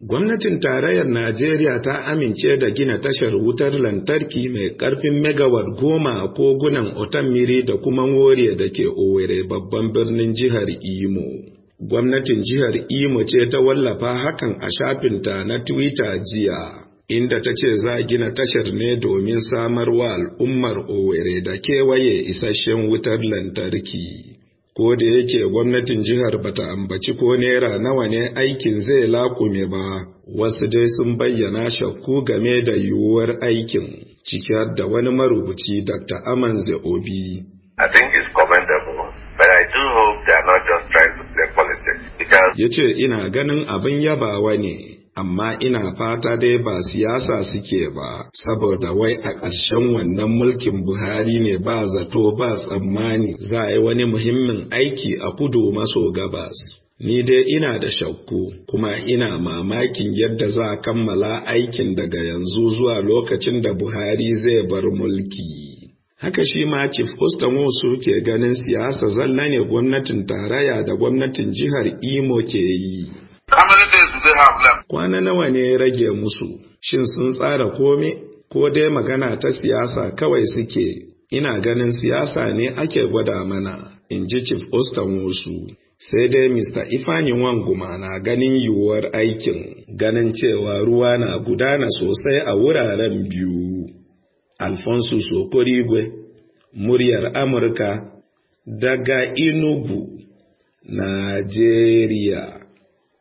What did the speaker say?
Gwamnatin Tarayyar Najeriya ta amince da gina tashar wutar lantarki mai ƙarfin megawar goma a kogunan miri da kuma Woriya da ke Owerri babban birnin jihar Imo. Gwamnatin jihar Imo ce ta wallafa hakan a shafinta na Twitter jiya, inda ta ce za gina tashar ne domin samar wa al'ummar Owerri da kewaye isasshen wutar lantarki. ko da yake gwamnatin jihar bata ambaci ko naira nawa ne aikin zai lakume ba wasu dai sun bayyana shakku game da yiwuwar aikin cike da wani marubuci dr amanze obi Ya ce ina ganin abin yabawa ne, amma ina fata dai ba siyasa suke ba saboda wai a ƙarshen wannan mulkin Buhari ne ba zato ba tsammani za a yi wani muhimmin aiki a kudu maso gabas. Ni dai ina da shakku kuma ina mamakin yadda za a kammala aikin daga yanzu zuwa lokacin da Buhari zai bar mulki. Haka shi ma Chief Musu ke ganin siyasa zalla ne gwamnatin tarayya da gwamnatin jihar Imo ke yi. zai Kwana nawa ne ya rage musu, shin sun tsara komi ko dai magana ta siyasa kawai suke, ina ganin siyasa ne ake gwada mana, in ji Chief Austin Wosu. Sai dai Mr. Ifani Wanguma na ganin yiwuwar aikin, ganin cewa ruwa na gudana sosai a wuraren biyu. Alfonso Sokorigwe, muryar Amurka, daga Inugu, Najeriya.